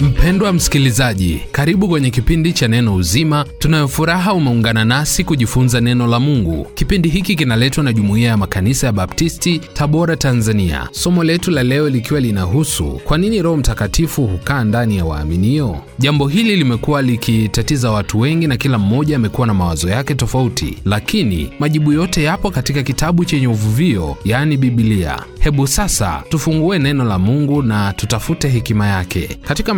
Mpendwa msikilizaji, karibu kwenye kipindi cha Neno Uzima. Tunayofuraha umeungana nasi kujifunza neno la Mungu. Kipindi hiki kinaletwa na Jumuiya ya Makanisa ya Baptisti, Tabora, Tanzania. Somo letu la leo likiwa linahusu kwa nini Roho Mtakatifu hukaa ndani ya waaminio. Jambo hili limekuwa likitatiza watu wengi na kila mmoja amekuwa na mawazo yake tofauti, lakini majibu yote yapo katika kitabu chenye uvuvio, yani Biblia. Hebu sasa tufungue neno la Mungu na tutafute hekima yake katika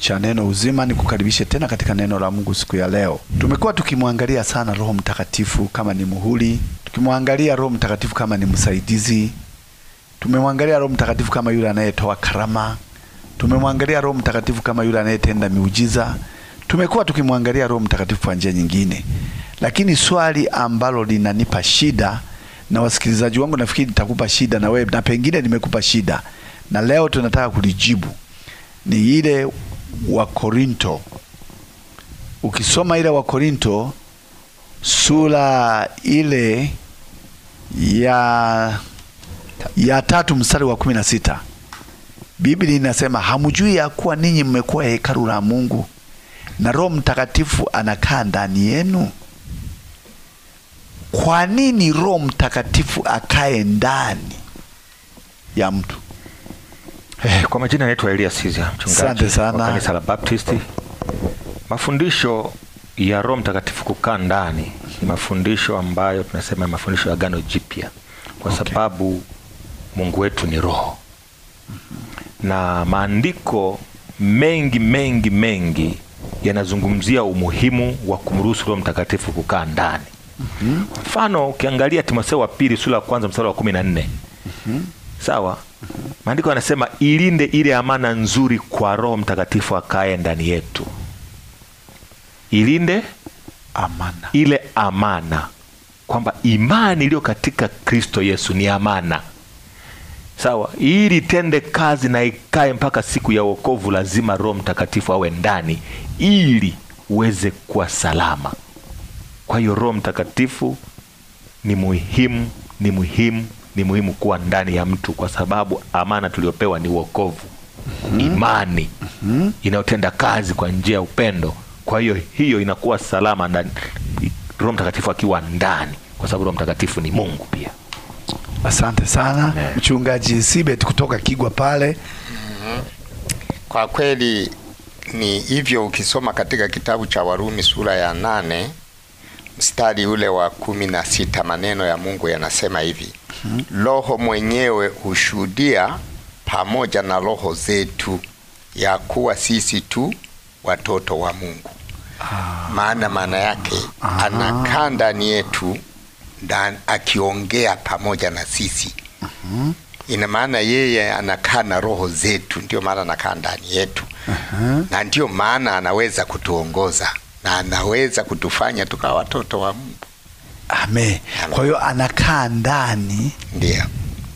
cha Neno Uzima, Ni nikukaribishe tena katika neno la Mungu siku ya leo. Tumekuwa tukimwangalia sana Roho Mtakatifu kama ni muhuri, tukimwangalia Roho Mtakatifu kama ni msaidizi, tumemwangalia Roho Mtakatifu kama yule anayetoa karama, tumemwangalia Roho Mtakatifu kama yule anayetenda miujiza, tumekuwa tukimwangalia Roho Mtakatifu kwa njia nyingine, lakini swali ambalo linanipa shida na wasikilizaji wangu, nafikiri nitakupa shida na wewe, na pengine nimekupa shida, na leo tunataka kulijibu ni ile wa Korinto. Ukisoma ile wa Korinto sura ile ya, ya tatu mstari wa kumi na sita Biblia inasema hamjui ya kuwa ninyi mmekuwa hekalu la Mungu na Roho Mtakatifu anakaa ndani yenu. Kwa nini Roho Mtakatifu akae ndani ya mtu? Eh, kwa majina naitwa Elias Sizia, mchungaji. Asante sana. Kanisa la Baptist. Mafundisho ya Roho Mtakatifu kukaa ndani ni mafundisho ambayo tunasema mafundisho ya Agano Jipya kwa okay, sababu Mungu wetu ni roho na maandiko mengi mengi mengi yanazungumzia umuhimu wa kumruhusu Roho Mtakatifu kukaa ndani. Mm-hmm. Mfano, ukiangalia Timotheo wa pili sura ya kwanza mstari wa kumi na nne mm-hmm. sawa. Maandiko anasema ilinde ile amana nzuri kwa Roho Mtakatifu akae ndani yetu, ilinde amana. ile amana kwamba imani iliyo katika Kristo Yesu ni amana sawa. Ili itende kazi na ikae mpaka siku ya wokovu, lazima Roho Mtakatifu awe ndani ili uweze kuwa salama. Kwa hiyo Roho Mtakatifu ni muhimu, ni muhimu ni muhimu kuwa ndani ya mtu, kwa sababu amana tuliopewa ni wokovu, mm -hmm. imani mm -hmm. inayotenda kazi kwa njia ya upendo. Kwa hiyo hiyo inakuwa salama ndani, Roho Mtakatifu akiwa ndani, kwa sababu Roho Mtakatifu ni Mungu pia. Asante sana Amen. Mchungaji Sibet kutoka Kigwa pale. mm -hmm. Kwa kweli ni hivyo, ukisoma katika kitabu cha Warumi sura ya nane mstari ule wa kumi na sita maneno ya Mungu yanasema hivi hmm. Roho mwenyewe hushuhudia pamoja na roho zetu ya kuwa sisi tu watoto wa Mungu. ah. maana maana yake ah. anakaa ndani yetu dan, akiongea pamoja na sisi hmm. Ina maana yeye anakaa na roho zetu, ndio maana anakaa ndani yetu uh -huh. na ndiyo maana anaweza kutuongoza na anaweza kutufanya tukawa watoto wa Mungu. Amen. Amen. Kwa hiyo anakaa ndani, ndio,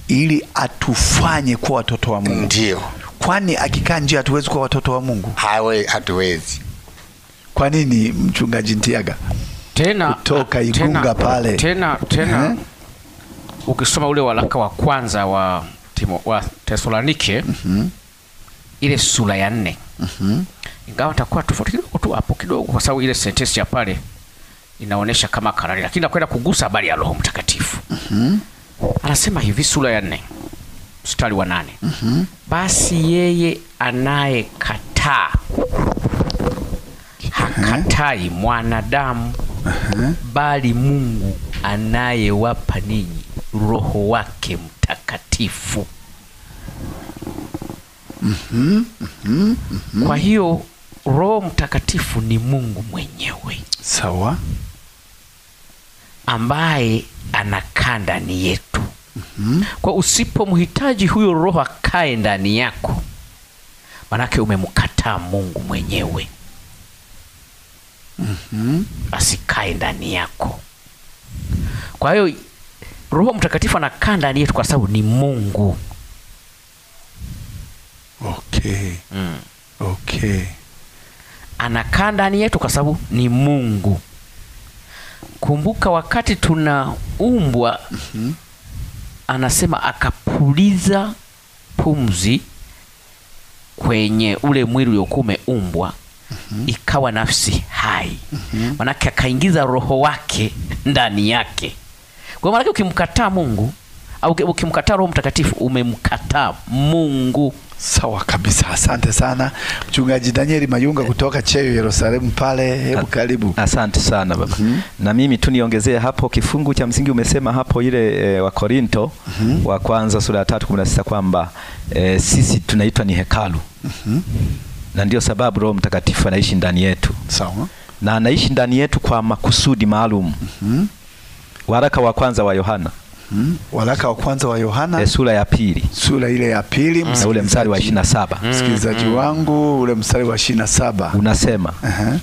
ili atufanye kuwa watoto wa Mungu. Ndio, kwani akikaa nje hatuwezi kuwa watoto wa Mungu? Hawe, hatuwezi. Kwa nini mchungaji Ntiaga? Tena kutoka Igunga tena, pale tena, tena eh? Ukisoma ule waraka wa kwanza wa Timo, wa Tesalonike mm -hmm ile sura ya nne Mhm. ingawa takuwa tofauti kidogo tu hapo kidogo, kwa sababu ile sentensi ya pale inaonesha kama karari, lakini nakwenda kugusa habari ya Roho Mtakatifu Mhm. anasema hivi sura ya nne mstari wa nane mm-hmm. basi yeye anayekataa hakatai mwanadamu bali Mungu anayewapa ninyi Roho wake Mtakatifu mm -hmm, mm -hmm. Kwa hiyo Roho Mtakatifu ni Mungu mwenyewe, sawa, ambaye anakaa ndani yetu mm -hmm. Kwa usipomhitaji huyo Roho akae ndani yako, manake umemkataa Mungu mwenyewe mm -hmm. Asikae ndani yako. Kwa hiyo Roho Mtakatifu anakaa ndani yetu kwa sababu ni Mungu okay. Mm. Okay. Anakaa ndani yetu kwa sababu ni Mungu. Kumbuka wakati tunaumbwa mm -hmm. Anasema akapuliza pumzi kwenye ule mwili uliokuwa umeumbwa mm -hmm. Ikawa nafsi hai mm -hmm. Manake akaingiza roho wake ndani yake. Kwa maana ukimkataa Mungu au ukimkataa Roho Mtakatifu umemkataa Mungu. Sawa kabisa, asante sana Mchungaji Danieli Mayunga kutoka Cheyo Yerusalemu pale. Hebu karibu. Asante sana baba. mm -hmm. Na mimi tu niongezee hapo, kifungu cha msingi umesema hapo ile e, wa Korinto mm -hmm. wa kwanza sura ya 3:16 kwamba e, sisi tunaitwa ni hekalu mm -hmm. na ndio sababu Roho Mtakatifu anaishi ndani yetu. Sawa. Na anaishi ndani yetu kwa makusudi maalum mm -hmm. Waraka wa kwanza wa Yohana Mm. Waraka wa kwanza wa Yohana e, sura ya pili sura ile ya pili mm. na ule mstari wa 27. Hmm. Msikilizaji mm. wangu, ule mstari wa 27 unasema uh -huh.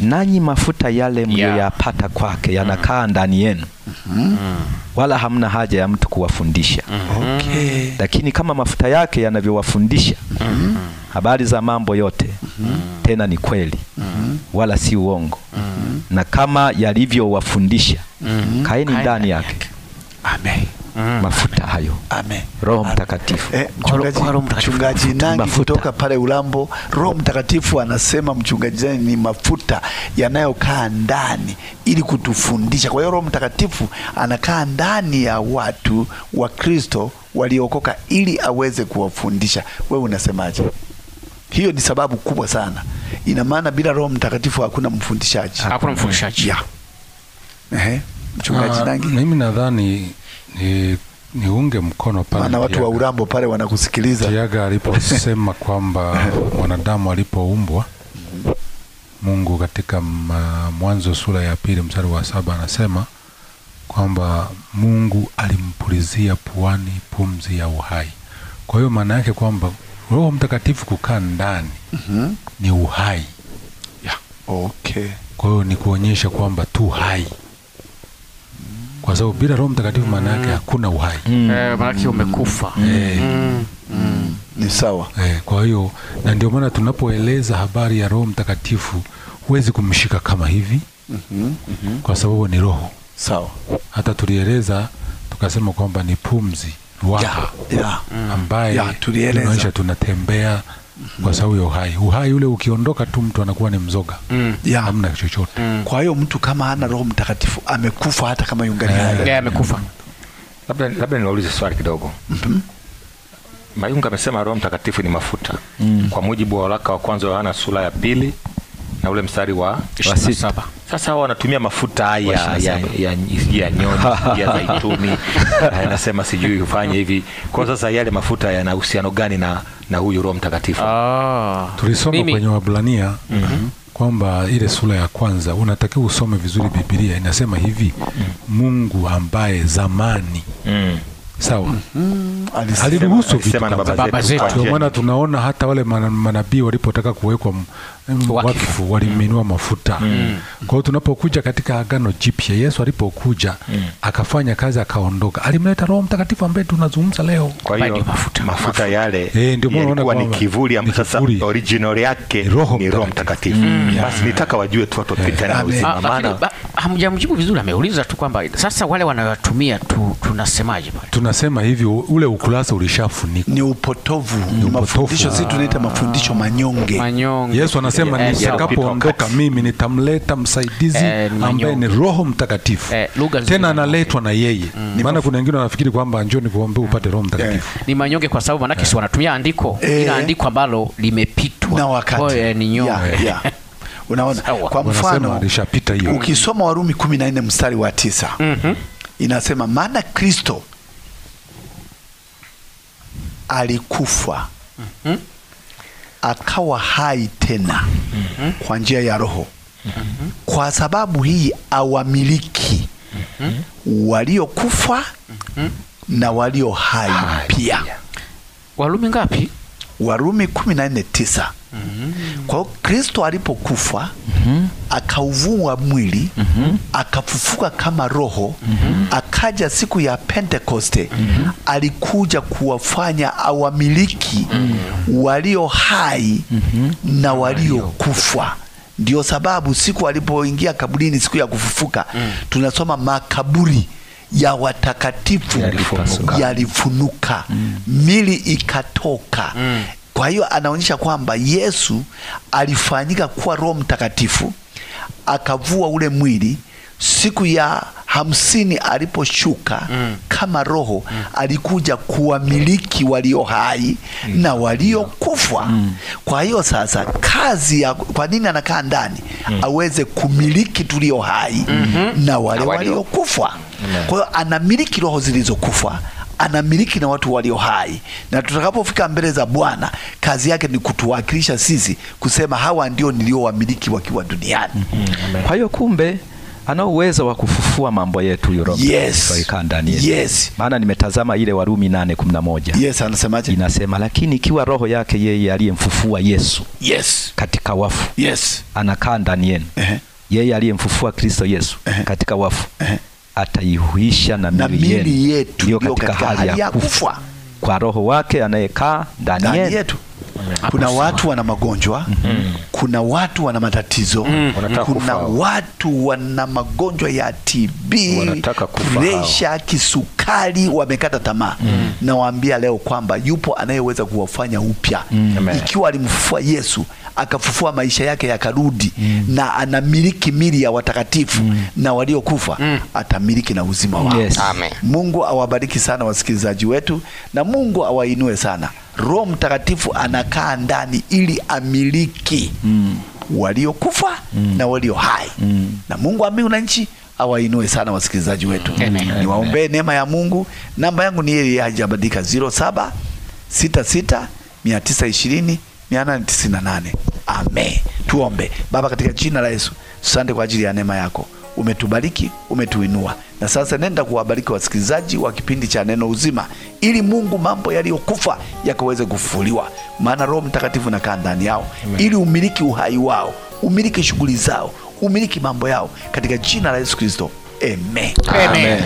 nanyi mafuta yale mliyoyapata yeah. kwake yanakaa hmm. ndani yenu mm. wala hamna haja ya mtu kuwafundisha mm. okay. lakini kama mafuta yake yanavyowafundisha mm. habari za mambo yote mm. tena ni kweli mm. wala si uongo mm. na kama yalivyowafundisha mm. kaeni ndani yake Amen. Mm. Mafuta hayo Amen. Roho Mtakatifu eh, mchungaji, Roho Mtakatifu, mchungaji nangi Kutoka pale Ulambo, Roho Mtakatifu anasema mchungaji nangi ni mafuta yanayokaa ndani ili kutufundisha. Kwa hiyo Roho Mtakatifu anakaa ndani ya watu wa Kristo waliokoka ili aweze kuwafundisha. Wewe unasemaje? Hiyo ni sababu kubwa sana. Ina maana bila Roho Mtakatifu hakuna mfundishaji, hakuna mfundishaji. Yeah. Ehe mchungaji ah, Nangi? Mimi nadhani ni niunge mkono pale, maana watu wa Urambo pale wanakusikiliza. Tiaga aliposema kwamba mwanadamu alipoumbwa Mungu katika Mwanzo sura ya pili mstari wa saba anasema kwamba Mungu alimpulizia puani pumzi ya uhai. Kwa hiyo maana yake kwamba Roho Mtakatifu kukaa ndani mm -hmm. ni uhai yeah. Okay. Kwa hiyo ni kuonyesha kwamba tu hai kwa sababu bila Roho Mtakatifu maana yake mm. hakuna uhai, mm. Eh, maana eh. mm. umekufa. Mm. Ni sawa. Eh, kwa hiyo na ndio maana tunapoeleza habari ya Roho Mtakatifu huwezi kumshika kama hivi mm -hmm, mm -hmm. Kwa sababu ni roho sawa. Hata tulieleza tukasema kwamba ni pumzi ruaha ambaye tunaonyesha tunatembea kwa sababu ya uhai. Uhai ule ukiondoka tu, mtu anakuwa ni mzoga, mm. hamna chochote mm. Kwa hiyo mtu kama ana Roho Mtakatifu amekufa, hata kama yungali hai eh. yeah, amekufa labda labda niwaulize swali kidogo mm -hmm. Mayunga amesema Roho Mtakatifu ni mafuta mm. Kwa mujibu wa waraka wa kwanza wa Yohana sura ya pili na ule mstari wa 27 sasa hawa wanatumia mafuta haya ya, ya, ya, ya nyoni ya zaituni anasema sijui hufanye hivi. Kwa sasa yale mafuta yana uhusiano gani na, na huyu Roho Mtakatifu? Ah, tulisoma kwenye Waebrania mm -hmm. kwamba ile sura ya kwanza unatakiwa usome vizuri Biblia inasema hivi mm. Mungu ambaye zamani mm sawa. mm -hmm. Aliruhusu vitu baba zetu, maana tunaona hata wale manabii walipotaka kuwekwa wakifu mm. walimenua mafuta. mm. Kwa hiyo tunapokuja katika Agano Jipya, Yesu alipokuja mm. akafanya kazi akaondoka, alimleta Roho Mtakatifu ambaye tunazungumza leo. Kwa hiyo mafuta, mafuta mafuta yale e, ndio maana unaona ni kivuli ambacho sasa original yake roho ni Roho Mtakatifu. mm. yeah. Basi nitaka wajue tu watu wapita na uzima, ah, maana hamjamjibu vizuri. Ameuliza tu kwamba sasa wale wanayotumia tu tunasemaje pale, unasema hivi ule ukurasa ulishafunikwa. Ni upotovu, ni mafundisho, sisi tunaita ah. mafundisho manyonge, manyonge. Yesu anasema eh, nitakapoondoka mimi nitamleta msaidizi eh, ambaye ni Roho Mtakatifu eh, tena analetwa na yeye mm. Maana kuna wengine wanafikiri kwamba njoo kuombe upate Roho Mtakatifu yeah. Ni manyonge kwa sababu manake eh. si wanatumia andiko eh. ila andiko ambalo limepitwa na wakati oh, eh, ni nyonge yeah, yeah. Unaona, kwa mfano ukisoma Warumi 14 mstari wa tisa mm -hmm. inasema maana Kristo alikufa mm -hmm. akawa hai tena mm -hmm. kwa njia ya Roho mm -hmm. kwa sababu hii awamiliki mm -hmm. waliokufa mm -hmm. na walio hai, pia. Warumi ngapi? Warumi kumi na nne tisa. Mm -hmm. Kwa hiyo Kristo alipokufa mm -hmm akauvua mwili mm -hmm. akafufuka kama roho mm -hmm. akaja siku ya Pentekoste mm -hmm. alikuja kuwafanya awamiliki mm -hmm. walio hai mm -hmm. na waliokufa. Ndio sababu siku alipoingia kaburini, siku ya kufufuka mm. tunasoma makaburi ya watakatifu yalifunuka, mm. mili mm. ikatoka mm. Kwa hiyo anaonyesha kwamba Yesu alifanyika kuwa Roho Mtakatifu akavua ule mwili siku ya hamsini aliposhuka mm. kama roho mm. alikuja kuwamiliki walio hai mm. na waliokufwa mm. mm. kwa hiyo sasa kazi ya kwa nini anakaa ndani mm. aweze kumiliki tulio hai mm -hmm. na wale waliokufa kwa hiyo anamiliki roho zilizokufa anamiliki na watu walio hai, na tutakapofika mbele za Bwana kazi yake ni kutuwakilisha sisi kusema hawa ndio niliowamiliki wakiwa duniani. mm -hmm. Kwa hiyo kumbe ana uwezo wa kufufua mambo yetu yuro. Yes. Yes. Maana nimetazama ile Warumi 8:11. Yes, anasemaje? Inasema lakini ikiwa roho yake yeye aliyemfufua Yesu. Yes. Katika wafu. Yes. Anakaa ndani yenu. Uh -huh. Yeye aliyemfufua Kristo Yesu. Uh -huh. Katika wafu. Uh -huh ataihuisha na miili yetu, ndiyo katika hali ya kufa kwa Roho wake anayekaa ndani yetu. Kuna watu wana magonjwa mm -hmm. Kuna watu wana matatizo mm -hmm. Kuna watu wana magonjwa ya TB, presha, kisukari, wamekata tamaa mm -hmm. Nawaambia leo kwamba yupo anayeweza kuwafanya upya mm -hmm. Ikiwa alimfufua Yesu akafufua maisha yake yakarudi mm -hmm. Na anamiliki mili ya watakatifu mm -hmm. na waliokufa mm -hmm. atamiliki na uzima wao yes. Mungu awabariki sana wasikilizaji wetu na Mungu awainue sana. Roho Mtakatifu anakaa ndani ili amiliki mm. waliokufa mm. na walio hai mm. na Mungu wa mbingu na nchi awainue sana wasikilizaji wetu. Niwaombee neema ya Mungu. Namba yangu ni ile haijabadilika, nane tisini na 898. Amen. Tuombe. Baba, katika jina la Yesu, asante kwa ajili ya neema yako umetubariki, umetuinua, na sasa nenda kuwabariki wasikilizaji wa kipindi cha Neno Uzima, ili Mungu mambo yaliyokufa yakaweze kufufuliwa, maana Roho Mtakatifu anakaa ndani yao Amen. ili umiliki uhai wao, umiliki shughuli zao, umiliki mambo yao, katika jina la Yesu Kristo Amen. Amen.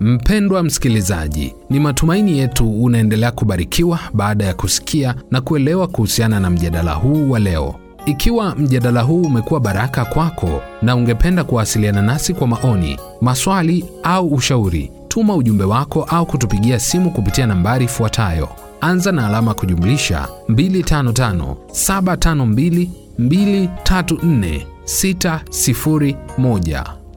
Mpendwa msikilizaji, ni matumaini yetu unaendelea kubarikiwa baada ya kusikia na kuelewa kuhusiana na mjadala huu wa leo. Ikiwa mjadala huu umekuwa baraka kwako na ungependa kuwasiliana nasi kwa maoni, maswali au ushauri, tuma ujumbe wako au kutupigia simu kupitia nambari ifuatayo: anza na alama kujumlisha 255 752 234 601.